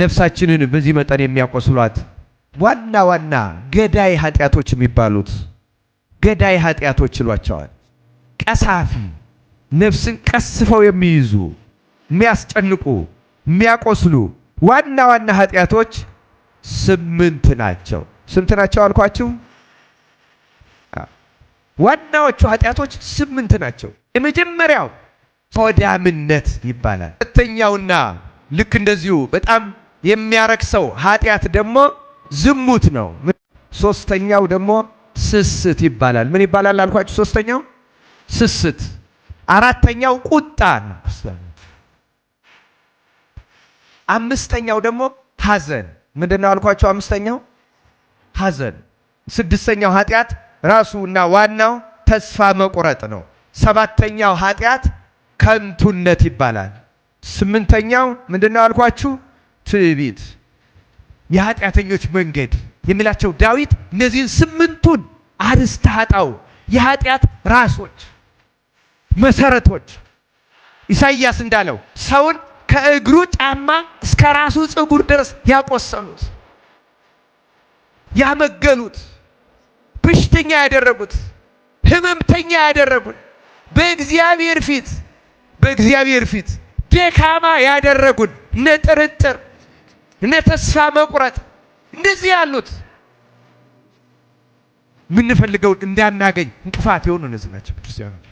ነፍሳችንን በዚህ መጠን የሚያቆስሏት ዋና ዋና ገዳይ ኃጢአቶች የሚባሉት ገዳይ ኃጢአቶች ይሏቸዋል። ቀሳፊ፣ ነፍስን ቀስፈው የሚይዙ የሚያስጨንቁ፣ የሚያቆስሉ ዋና ዋና ኃጢአቶች ስምንት ናቸው። ስምንት ናቸው አልኳችሁ። ዋናዎቹ ኃጢአቶች ስምንት ናቸው። የመጀመሪያው ሆዳምነት ይባላል። ሁለተኛውና ልክ እንደዚሁ በጣም የሚያረክሰው ኃጢአት ደግሞ ዝሙት ነው። ሶስተኛው ደግሞ ስስት ይባላል። ምን ይባላል አልኳችሁ? ሶስተኛው ስስት። አራተኛው ቁጣ ነው። አምስተኛው ደግሞ ሐዘን ምንድነው አልኳቸው? አምስተኛው ሐዘን። ስድስተኛው ኃጢአት ራሱ እና ዋናው ተስፋ መቁረጥ ነው። ሰባተኛው ኃጢአት ከንቱነት ይባላል። ስምንተኛው ምንድነው አልኳችሁ? ትዕቢት፣ የኃጢአተኞች መንገድ የሚላቸው ዳዊት እነዚህን ስምንቱን አርስተ ኃጣው የኃጢአት ራሶች መሰረቶች ኢሳይያስ እንዳለው ሰውን ከእግሩ ጫማ እስከ ራሱ ፀጉር ድረስ ያቆሰሉት፣ ያመገሉት፣ በሽተኛ ያደረጉት፣ ህመምተኛ ያደረጉት፣ በእግዚአብሔር ፊት በእግዚአብሔር ፊት ደካማ ያደረጉን ነጥርጥር እነ ተስፋ መቁረጥ እንደዚህ ያሉት የምንፈልገውን እንዳናገኝ እንቅፋት የሆኑ እነዚህ ናቸው። ክርስቲያኖች